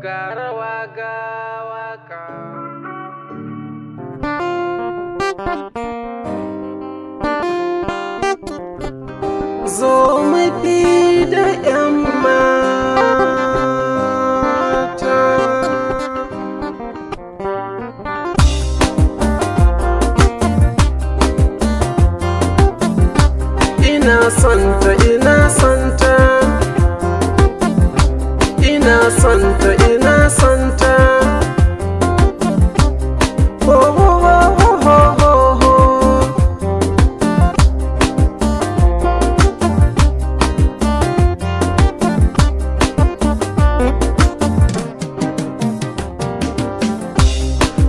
Gara waga waka. Zo mafi da ‘yan mata. Ina son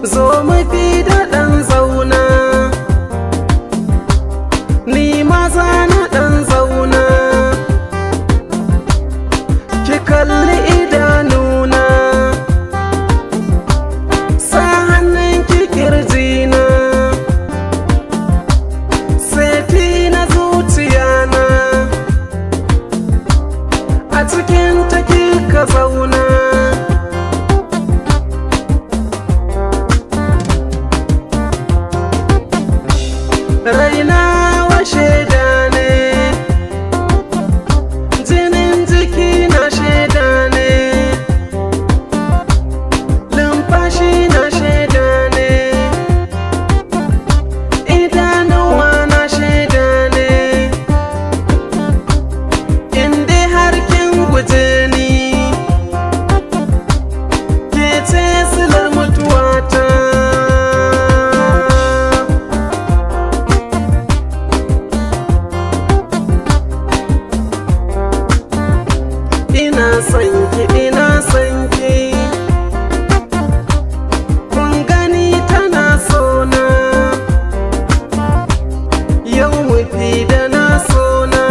zo mafi daɗa raina ina san ki kun gani tana sona yau sona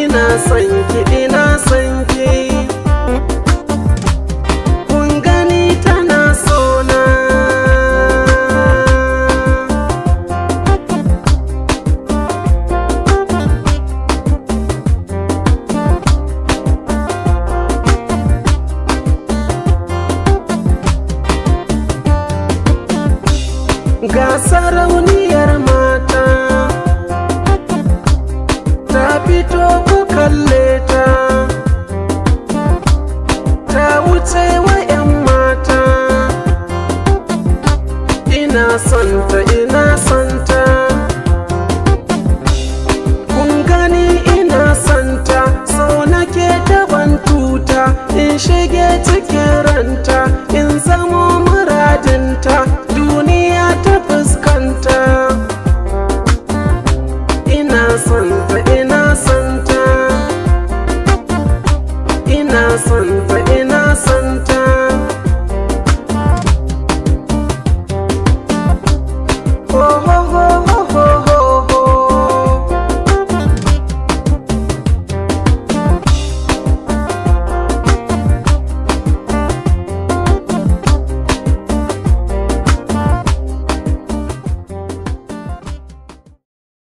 ina san ga sarauni